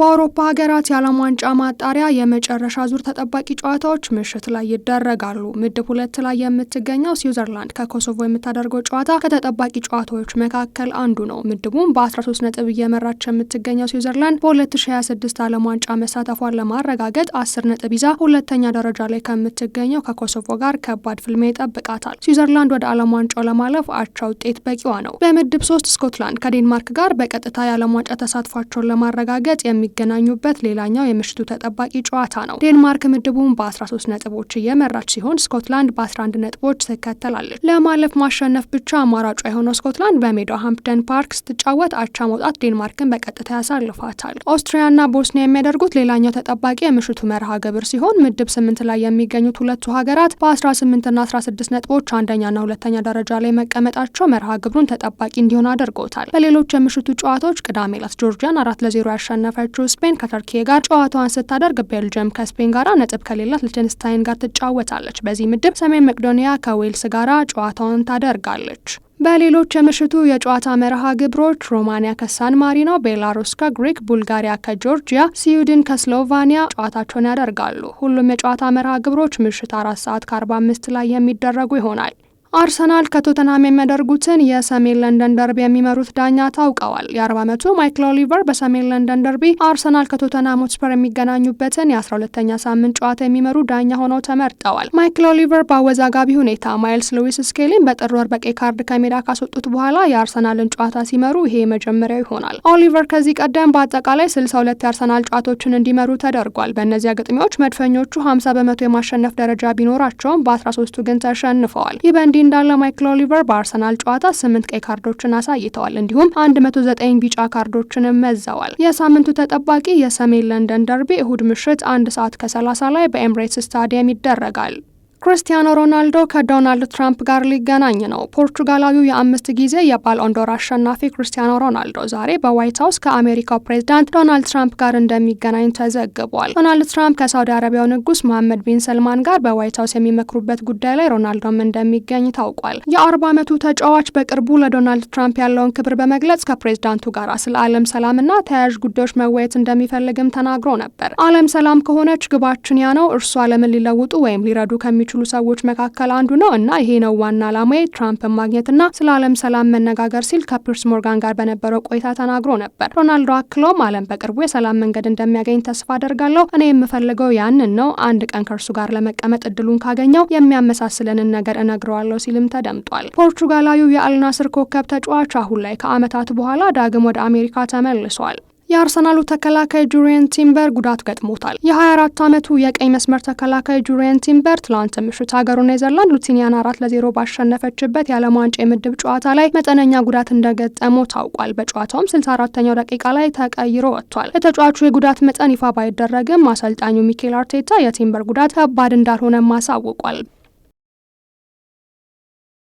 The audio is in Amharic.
በአውሮፓ ሀገራት የዓለም ዋንጫ ማጣሪያ የመጨረሻ ዙር ተጠባቂ ጨዋታዎች ምሽት ላይ ይደረጋሉ። ምድብ ሁለት ላይ የምትገኘው ስዊዘርላንድ ከኮሶቮ የምታደርገው ጨዋታ ከተጠባቂ ጨዋታዎች መካከል አንዱ ነው። ምድቡም በ13 ነጥብ እየመራች የምትገኘው ስዊዘርላንድ በ2026 ዓለም ዋንጫ መሳተፏን ለማረጋገጥ 10 ነጥብ ይዛ ሁለተኛ ደረጃ ላይ ከምትገኘው ከኮሶቮ ጋር ከባድ ፍልሜ ይጠብቃታል። ስዊዘርላንድ ወደ ዓለም ዋንጫው ለማለፍ አቻ ውጤት በቂዋ ነው። በምድብ ሶስት ስኮትላንድ ከዴንማርክ ጋር በቀጥታ የዓለም ዋንጫ ተሳትፏቸውን ለማረጋገጥ የሚ የሚገናኙበት ሌላኛው የምሽቱ ተጠባቂ ጨዋታ ነው። ዴንማርክ ምድቡን በ13 ነጥቦች እየመራች ሲሆን ስኮትላንድ በ11 ነጥቦች ትከተላለች። ለማለፍ ማሸነፍ ብቻ አማራጯ የሆነው ስኮትላንድ በሜዳው ሃምፕደን ፓርክ ስትጫወት አቻ መውጣት ዴንማርክን በቀጥታ ያሳልፋታል። ኦስትሪያና ቦስኒያ የሚያደርጉት ሌላኛው ተጠባቂ የምሽቱ መርሃ ግብር ሲሆን ምድብ ስምንት ላይ የሚገኙት ሁለቱ ሀገራት በ18ና 16 ነጥቦች አንደኛና ሁለተኛ ደረጃ ላይ መቀመጣቸው መርሃ ግብሩን ተጠባቂ እንዲሆን አድርጎታል። በሌሎች የምሽቱ ጨዋታዎች ቅዳሜ ዕለት ጆርጂያን አራት ለዜሮ ያሸነፈችው ያሸነፈችው ስፔን ከተርኪዬ ጋር ጨዋታዋን ስታደርግ ቤልጅየም ከስፔን ጋር ነጥብ ከሌላት ልችንስታይን ጋር ትጫወታለች። በዚህ ምድብ ሰሜን መቅዶኒያ ከዌልስ ጋር ጨዋታዋን ታደርጋለች። በሌሎች የምሽቱ የጨዋታ መርሃ ግብሮች ሮማንያ ከሳን ማሪኖ፣ ቤላሩስ ከግሪክ፣ ቡልጋሪያ ከጆርጂያ፣ ስዊድን ከስሎቫኒያ ጨዋታቸውን ያደርጋሉ። ሁሉም የጨዋታ መርሃ ግብሮች ምሽት አራት ሰዓት ከአርባ አምስት ላይ የሚደረጉ ይሆናል። አርሰናል ከቶተናም የሚያደርጉትን የሰሜን ለንደን ደርቢ የሚመሩት ዳኛ ታውቀዋል። የ40 ዓመቱ ማይክል ኦሊቨር በሰሜን ለንደን ደርቢ አርሰናል ከቶተናም ሆትስፐር የሚገናኙበትን የ12ኛ ሳምንት ጨዋታ የሚመሩ ዳኛ ሆነው ተመርጠዋል። ማይክል ኦሊቨር በአወዛጋቢ ሁኔታ ማይልስ ሉዊስ ስኬሊን በጥር ወር በቀይ ካርድ ከሜዳ ካስወጡት በኋላ የአርሰናልን ጨዋታ ሲመሩ ይሄ መጀመሪያው ይሆናል። ኦሊቨር ከዚህ ቀደም በአጠቃላይ 62 የአርሰናል ጨዋታዎችን እንዲመሩ ተደርጓል። በእነዚያ ግጥሚያዎች መድፈኞቹ 50 በመቶ የማሸነፍ ደረጃ ቢኖራቸውም በ13ቱ ግን ተሸንፈዋል። ይህ በእንዲህ እንዲህ እንዳለ ማይክል ኦሊቨር በአርሰናል ጨዋታ ስምንት ቀይ ካርዶችን አሳይተዋል እንዲሁም 109 ቢጫ ካርዶችንም መዘዋል። የሳምንቱ ተጠባቂ የሰሜን ለንደን ደርቢ እሁድ ምሽት አንድ ሰዓት ከ30 ላይ በኤምሬትስ ስታዲየም ይደረጋል። ክርስቲያኖ ሮናልዶ ከዶናልድ ትራምፕ ጋር ሊገናኝ ነው። ፖርቹጋላዊው የአምስት ጊዜ የባልኦንዶር አሸናፊ ክርስቲያኖ ሮናልዶ ዛሬ በዋይት ሀውስ ከአሜሪካው ፕሬዚዳንት ዶናልድ ትራምፕ ጋር እንደሚገናኝ ተዘግቧል። ዶናልድ ትራምፕ ከሳውዲ አረቢያው ንጉስ መሐመድ ቢን ሰልማን ጋር በዋይት ሀውስ የሚመክሩበት ጉዳይ ላይ ሮናልዶም እንደሚገኝ ታውቋል። የአርባ ዓመቱ ተጫዋች በቅርቡ ለዶናልድ ትራምፕ ያለውን ክብር በመግለጽ ከፕሬዚዳንቱ ጋር ስለ ዓለም ሰላምና ተያያዥ ጉዳዮች መወየት እንደሚፈልግም ተናግሮ ነበር። አለም ሰላም ከሆነች ግባችን ያ ነው። እርሱ ዓለምን ሊለውጡ ወይም ሊረዱ ከሚ ከሚችሉ ሰዎች መካከል አንዱ ነው እና ይሄ ነው ዋና ዓላማዬ ትራምፕን ማግኘትና ስለ ዓለም ሰላም መነጋገር ሲል ከፒርስ ሞርጋን ጋር በነበረው ቆይታ ተናግሮ ነበር። ሮናልዶ አክሎም ዓለም በቅርቡ የሰላም መንገድ እንደሚያገኝ ተስፋ አደርጋለሁ። እኔ የምፈልገው ያንን ነው። አንድ ቀን ከእርሱ ጋር ለመቀመጥ እድሉን ካገኘው የሚያመሳስለንን ነገር እነግረዋለሁ ሲልም ተደምጧል። ፖርቹጋላዊው የአልናስር ኮከብ ተጫዋች አሁን ላይ ከዓመታት በኋላ ዳግም ወደ አሜሪካ ተመልሷል። የአርሰናሉ ተከላካይ ጁሪየን ቲምበር ጉዳት ገጥሞታል። የ24 ዓመቱ የቀኝ መስመር ተከላካይ ጁሪየን ቲምበር ትላንት ምሽት ሀገሩ ኔዘርላንድ ሉቲኒያን አራት ለዜሮ ባሸነፈችበት የዓለም ዋንጫ የምድብ ጨዋታ ላይ መጠነኛ ጉዳት እንደገጠመው ታውቋል። በጨዋታውም 64ኛው ደቂቃ ላይ ተቀይሮ ወጥቷል። የተጫዋቹ የጉዳት መጠን ይፋ ባይደረግም አሰልጣኙ ሚኬል አርቴታ የቲምበር ጉዳት ከባድ እንዳልሆነ አሳውቋል።